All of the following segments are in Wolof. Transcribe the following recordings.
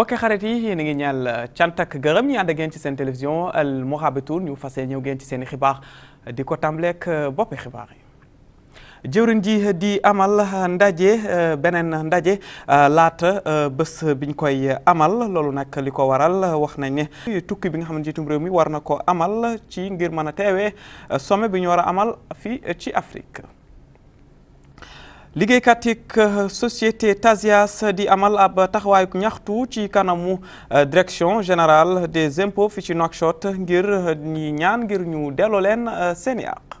mbokki xarit yi yéen a ngi ñaal euh, cant ak gërëm ñu ànd ak ngeen ci seen télévision Al Mourabitoun ñu fase ñëw ngeen ci seen i di ko tàmbaleek euh, boppi xibaar yi jëwriñ ji di amal ndaje euh, beneen ndaje laata bés biñ koy amal loolu nag li ko waral wax nañ ne tukki bi nga xam ne njiitum réew mi war na ko amal ci ngir mën a teewee sommet bi ñu war a amal fii ci Afrique liggéeykat yeeg société Tasias di amal ab taxawaayu ñaxtu ci kanamu euh, direction générale des impôts fi ci Nouakchott ngir euh, ñi ñaan ngir ñu delloo leen euh, seeni àq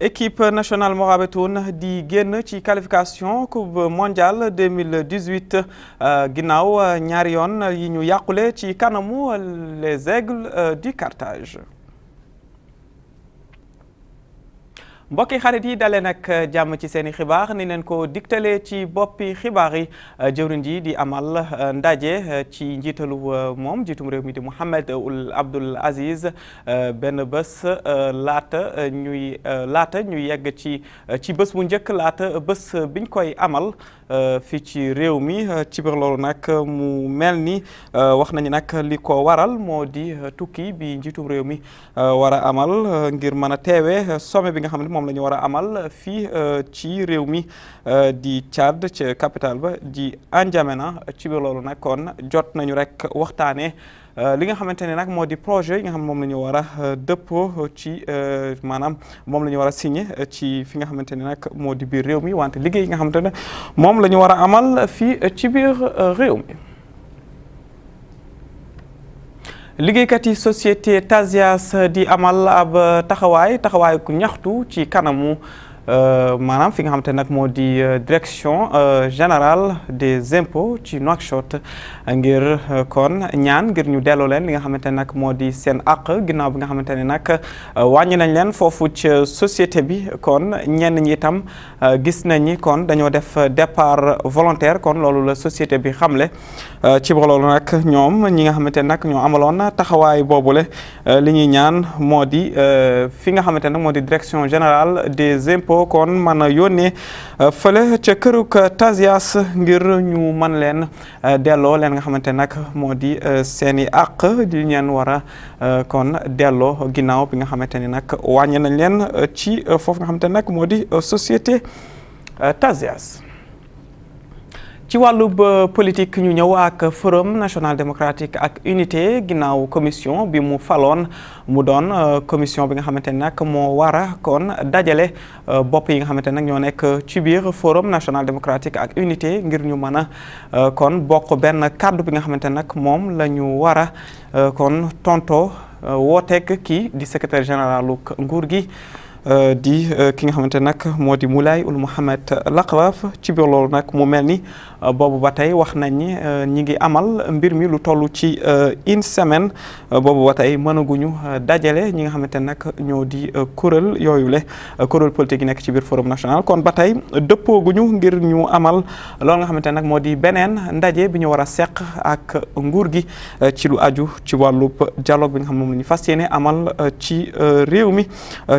équipe nationale Mourabitoun di génn ci qualification coupe mondiale 2018 ginnaaw ñaari yoon yi ñu yàqule ci kanamu les aigles du Carthage mbokki xarit yi dalee nag euh, jàmm ci seen i xibaar ni leen ko digtalee ci boppi xibaar yi euh, jëwriñ ji di amal euh, ndaje ci njiitalu moom njiitum réew mi di Mouhamed Ould Abdoul Aziz benn bës laata ñuy laata ñuy yegg ci ci bés bu njëkk laata bës biñ koy amal Euh, fii ci réew mi euh, ci biir loolu nag euh, mu mel ni wax nañu nag li ko waral moo di tukki bi njiitum réew mi war a amal ngir mën a teewe sommet bi nga xam ne moom lañu ñu war a amal fii ci réew mi di Tchad ca capital ba di N'Djamena ci biir loolu nag kon jot nañu rek waxtaanee. Euh, li nga xamante ne nag moo di projet yi nga xam moom la ñu war a euh, dëppoo euh, ci maanaam moom la war a signé ci fi nga xamante ne nag moo di biir réew mi wante liggéey yi nga xamante ne moom lañu ñu war a amal fii ci biir réew mi. liggéeykat yi société Tazias di amal ab taxawaay taxawaay ñaxtu ci kanamu. Euh, maanaam fi nga xamante nag moo di euh, direction euh, général des impôts ci Nouakchott ngir kon ñaan ngir ñu delloo leen li nga xamante nag moo di seen àq ginnaaw bi nga xamante ne nag wàññi nañ leen foofu société bi kon ñenn ñi itam gis nañ ni kon dañoo def départ volontaire kon loolu la société bi xamle ci loolu nag ñoom ñi nga xamante nag ñoo amaloon taxawaay boobule li ñuy ñaan moo di fi nga xamante nag moo di direction général des impôts impôt kon mën a yónnee euh, fële ca këruk Tasias ngir ñu man leen euh, delloo leen nga xamante nag moo di euh, seen i àq di ñeen war a kon delloo ginnaaw bi nga xamante ni nag wàññi nañ leen ci foofu nga xamante nag moo di société Tasias ci wàllub euh, politique ñu ñëw ak forum national démocratique ak unité ginnaaw commission bi mu faloon mu doon euh, commission bi nga xamante ne nag moo war a kon dajale euh, bopp yi nga xamante ne nag ñoo nekk ci biir forum national démocratique ak unité ngir ñu mën a kon bokk benn kàddu bi nga xamante ne nag moom la ñu war a kon tonto wooteek kii di secrétaire généralu nguur gi. Euh, di euh, ki nga xamante nag moo di mu Ould Mouhamed Lakraf ci biir loolu nag mu mel ni euh, boobu ba tey wax nañ ni ñi ngi amal mbir mi lu toll ci une semaine boobu ba tey mënaguñu dajale ñi nga xamante nag ñoo di kuréel yooyu le kuréel politique yi nekk ci biir forum national kon ba tey dëppooguñu ngir ñu amal lool nga xamante nag moo di beneen ndaje bi ñu war a seq ak nguur gi ci lu aju ci wàllub dialogue bi nga xam moom ñu fas yéene amal ci réew mi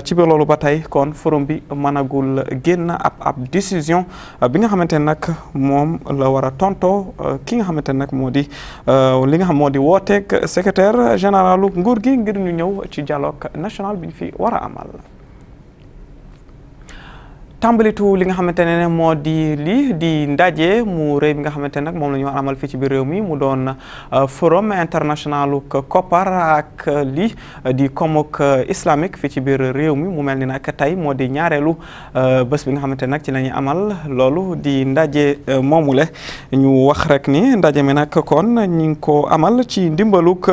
ci biir ba tey kon forum bi mënagul génn ab ab décision euh, bi nga xamante ne nag moom la war a tontoo euh, ki nga xamante ne nag moo di euh, li nga xam moo di wooteeg secrétaire généralu nguur gi ngir ñu ñëw ci dialogue national bi ñu fi war a amal. tàmbalitu li nga xamante ne moo di lii di ndaje mu rëy bi nga xamante ne nag moom la ñu amal fii ci biir mi mu doon euh, forum international koppar ak lii di komok islamique fii ci biir réew mi mu mel ni nag tey moo di ñaareelu euh, bés bi nga xamante ne nag ci la amal loolu di ndaje euh, moomule ñu wax rek ni ndaje mi nag kon ñu ngi ko amal ci ndimbaluk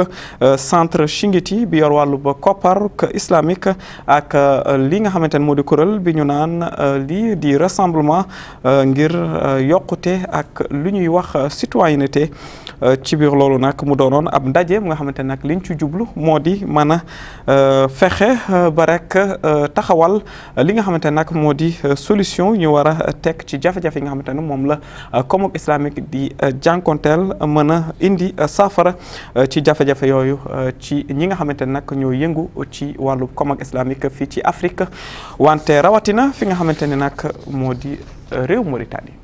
centre Shingiti bi yor wàllu ba koppar islamique ak li nga xamante ne moo di kuréel bi ñu naan lii di rassemblement euh, ngir euh, yokkute ak lu ñuy wax euh, citoyenneté ci biir loolu nag mu doonoon ab ndaje mu nga xamante nag liñ ci jublu moo di mën a fexe ba rek taxawal li nga xamante nag moo di solution ñu war a teg ci jafe yi nga xamante ne moom la koomub islamique di jànkonteel mën a indi saafara ci jafe-jafe yooyu ci ñi nga xamante nag ñoo yëngu ci wàllu koomub islamique fii ci Afrique wante rawatina fi nga xamante ne nag moo di réew Mauritanie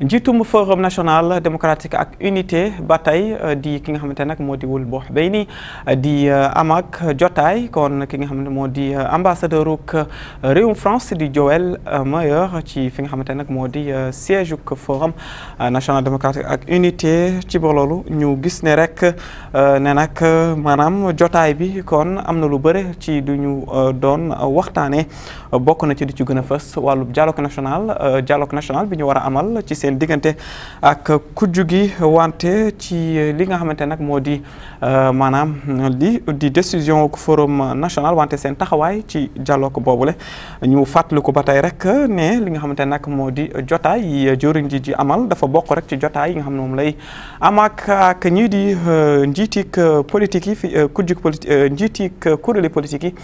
njiitum forum national démocratique ak unité ba tey euh, di ki nga xamante nag moo di wul boo bay nii euh, di euh, amaak jotaay kon ki nga xamante moo di ambassadeur uk France di Joël Meyer ci fi nga xamante nag moo di siège uk forum national démocratique ak unité ci ba loolu ñu gis ne rek ne nag maanaam jotaay bi kon am na lu bëre ci du ñu doon waxtaane bokk na ci di ci gën a fës wàllu dialogue national dialogue national bi ñu war a amal seen diggante ak kujj gi wante ci euh, li nga xamante nag moo di euh, maanaam li di décision forum national wante seen taxawaay ci dialogue boobule ñu fàttaliku ba tey rek ne li nga xamante nag moo di jotaay yi jëriñ ji ji amal dafa bokk rek ci jotaay yi nga xam ne moom lay am ak ak ñii di euh, njiitik politique yi fi kujjug politique njiitik kuréeli politique yi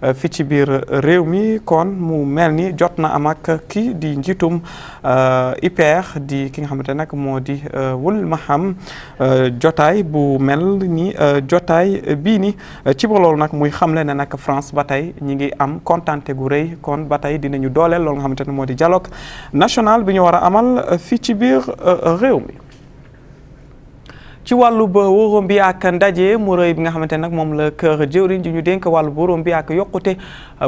Euh, fi ci biir réew mi kon mu mel ni jot na am ak kii di njiitum euh, IPR di ki nga xamante nag moo di euh, Wul Maham jotaay bu mel ni jotaay bii ni ci loolu nag muy xamle ne nag France ba tey ñi ngi am kontante gu rëy kon ba tey dinañu dooleel loolu nga xamante ne moo di dialogue national bi ñu war a amal fii ci biir réew mi ci wàllu ba wóoróom bi ak ndaje mu bi nga xamante nag moom la kër jëwriñ ji ñu dénk wàllu ba wóoróom bi ak yokkute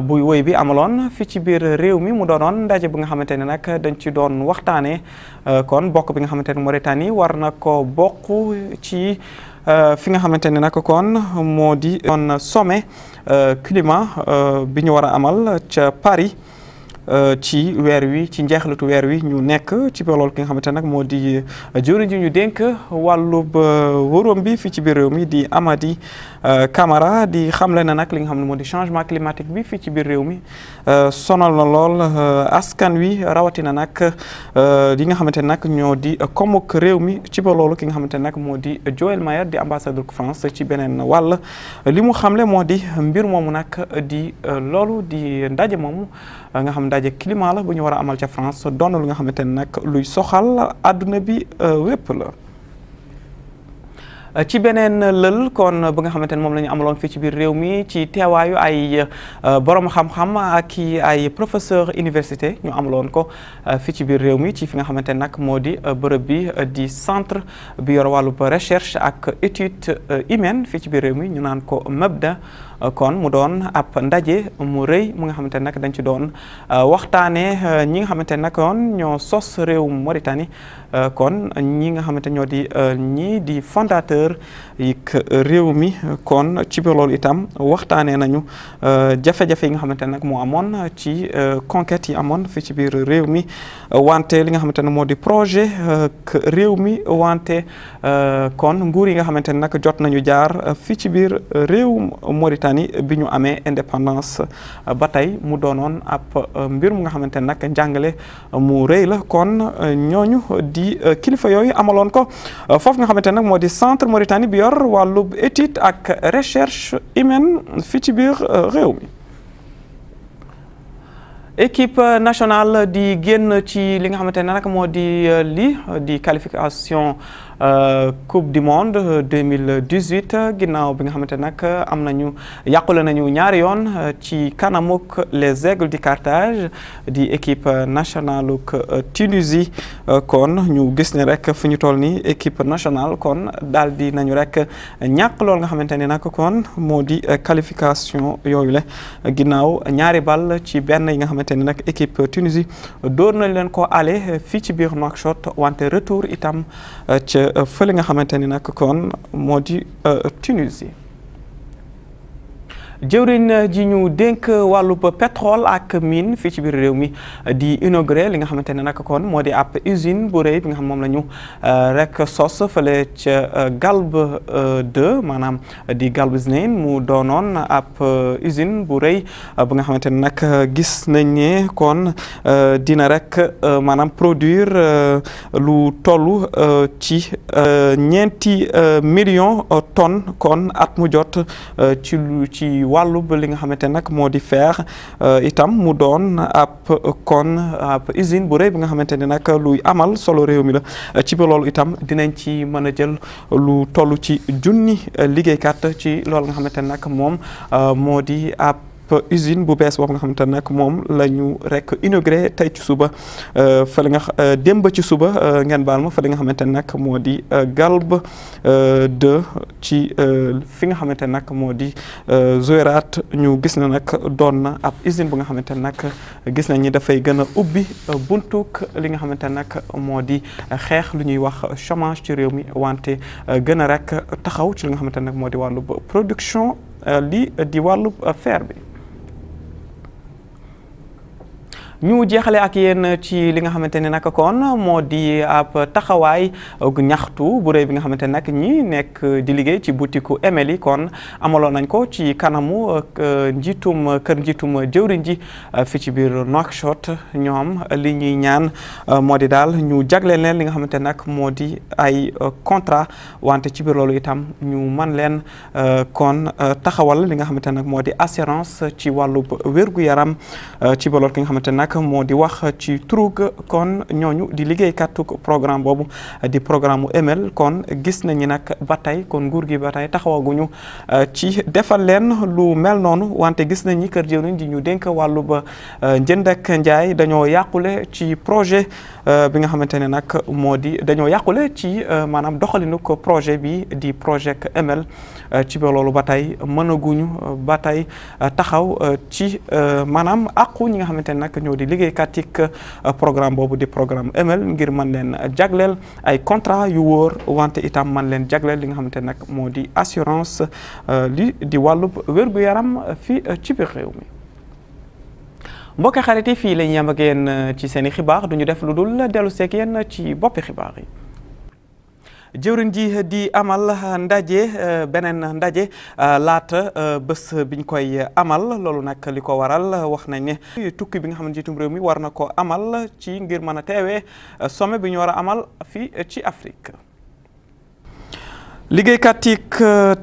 buy woy bi amaloon fi ci biir réew mi mu doonoon ndaje bi nga xamante ne nag dañ ci doon waxtaanee euh, kon bokk bi nga xamante moo Mauritanie war na ko bokk ci euh, fi nga xamante ne nag kon moo di some sommet euh, climat bi ñu war a amal ca Paris Euh, ci weer wi ci njeexlatu weer wi ñu nekk ci loolu ki nga xamante nag moo di euh, jëwriñ ji ñu dénk wàllub euh, wóoróom bi fii ci biir réew mi di Amady kamara di xamle na nag li nga xam ne moo di changement climatique bi fii ci biir réew mi sonal na lool askan wi rawatina nag li nga xamante nag ñoo di komuk réew mi ci ba loolu ki nga xamante nag moo di Joël Mayer di ambassadeur France ci beneen wàll li mu xamle moo di mbir moomu nag di loolu di ndaje moom nga xam ndaje climat la bu ñu war a amal ca France doon lu nga xamante nag luy soxal àdduna bi euh, wépp la. Euh, ci beneen lël kon ba nga xamante ne moom lañu ñu amaloon fii ci biir réew mi ci teewaayu ay euh, borom xam-xam ay professeur université ñu amaloon ko fii ci biir réew mi ci fi nga xamante ne nag moo di bërëb bi di centre bi yor wàllub recherche ak étude humaine fii ci biir réew mi ñu naan ko Mabda. kon mu doon ab ndaje mu rëy mu nga xamante ne nag dañ ci doon euh, waxtaanee euh, ñi nga xamante ne nag kon ñoo sos réewum Mauritanie euh, kon ñi nga xamante ñoo di ñii di fondateur yi réew mi kon ci biir itam waxtaanee nañu jafe-jafe yi nga xamante ne nag moo amoon ci conquête yi amoon fii ci biir réew mi wante li nga xamante ne moo di projet réew mi wante kon nguur yi nga xamante ne nag jot nañu jaar fii ci biir réewum Mauritanie bi ñu amee indépendance euh, ba tey mu doonoon ab euh, mbir mu nga xamante ne nag njàngale mu rëy la kon euh, ñooñu di kilifa yooyu amaloon ko foofu nga xamante nag moo di centre Mauritanie bi yor wàllub étude ak recherche humaine fii ci biir réew mi. équipe nationale di génn ci li nga xamante ne nag moo di li di qualification. Euh, coupe du monde 2018 euh, euh, ginnaaw bi nga xamante nag am nañu yàqule nañu ñaari yoon ci kanamuk les aigles di Carthage di équipe nationale Tunisie kon ñu gis ne rek fu ñu toll nii équipe nationale kon daal di nañu rek ñàkk lool nga xamante ne nag kon moo di qualification yooyu la ginnaaw ñaari bal ci benn yi nga xamante ni nag équipe Tunisie dóor nañ leen ko ale fii ci biir Nouakchott wante retour itam ca fële nga xamante ni nag kon moo di euh, Tunisie jëwriñ ji ñu dénk wàllub pétrole ak mine fii ci biir réew mi di inauguré li nga xamante ne nag kon moo di ab usine bu rëy bi nga xam moom la ñu euh, rek sos fële ca euh, Galbe euh, 2 maanaam di Galbeznijn mu doonoon ab usine bu rëy bu nga xamante ne nag gis nañ ne kon dina rek maanaam produire lu toll ci ñeenti million ton kon at mu jot ci wàllu ba li nga xamante nag moo di fer euh, itam mu doon ab kon ab usine bu rëy bi nga xamante ne nag luy amal solo réew mi la ci ba loolu itam dinañ ci mën a jël lu toll ci junni liggéeykat ci loolu nga xamante ne nag moom euh, moo di ab usine bu bees boobu nga xamante ne nag moom la ñu rek inauguré tey ci suba euh, fële nga euh, démb ci suba euh, ngeen baal ma li nga xamante ne nag moo di galb de ci fi nga xamante ne nag moo di Zouérate ñu gis na nag doon na ab usine bu nga xamante ne nag gis nañ ni dafay gën a ubbi buntuk li nga xamante ne nag moo di xeex lu ñuy wax chômage ci réew mi wante gën a rek taxaw ci li nga xamante ne moo di wàllub production lii di wàllub fer bi ñu jeexale ak yéen ci li nga xamante ne nag kon moo di ab taxawaay ñaxtu bu rëy bi nga xamante ne nag ñi nekk di liggéey ci boutique Emely kon amaloon nañ ko ci kanamu euh, njiitum kër njiitum jëwriñ ji euh, fi ci biir Nouakchott ñoom li ñuy ñaan euh, moo di daal ñu jagleel leen li nga xamante ne nag moo di ay contrat wante ci biir loolu itam ñu man leen kon taxawal li nga xamante ne nag moo di assurance ci wàllu wér yaram ci biir loolu ki nga xamante ne nag nag moo di wax ci trug kon ñooñu di liggéeykattu programme boobu di programme mu ML kon gis nañu nag ba tey kon nguur gi ba tey taxawaguñu euh, ci defal leen lu mel noonu wante gis nañ ni kër jiw di ñu dénk wàllu ba euh, njënd ak njaay dañoo yàqule ci projet euh, bi nga xamante ne nag moo di dañoo yàqule ci maanaam doxalinu ko projet bi di projet ML. ci ba loolu ba tey mënaguñu euh, ba tey euh, taxaw euh, ci maanaam àqu ñi nga xamante ne nag ñoo di liggéey yi programme boobu di programme ML ngir mën leen jagleel ay contrat yu wóor wante itam mën leen jagleel li nga xamante ne nag moo di assurance li di wàllub wér-gu-yaram fii ci biir réew mi mbokk xarit yi fii la ñu yem ak yéen ci seen i xibaar du ñu def lu dul dellu seeg yéen ci boppi xibaar yi jëwriñ ji di amal ndaje euh, beneen ndaje euh, laata euh, bés biñ koy amal loolu nag li ko waral wax nañ ne tukki bi nga xam ne njiitum réew mi war na ko amal ci ngir mën a teewee sommet bi ñu war a amal fii ci Afrique. liggéeykat yi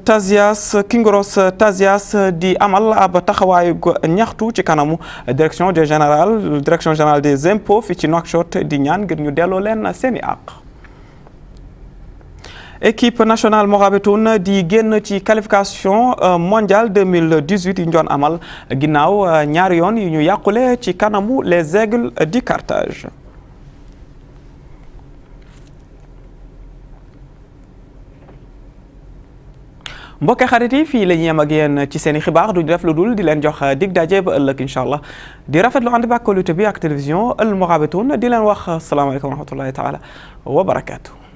Tazias Kingoros Tazias di amal ab taxawaayu ñaxtu ci kanamu direction des général direction générale des impôts fi ci Nouakchott di ñaan ngir ñu delloo leen seeni àq. équipe nationale Mourabitoun di génn ci qualification euh, mondiale 2018 yu ñu njoon amal ginnaaw euh, ñaari yoon yi ñu yàqule ci kanamu les aigles du Carthage. mbokk xarit fii la ñuy yem ak ci seen i xibaar duñu def lu dul di leen jox euh, dig daje ba ëllëg incha allah di rafetlu ànd bàkkolute bi ak télévision Al Mourabitoun di leen wax salaamaaleykum wa rahmatullahi taala wa barakaatu.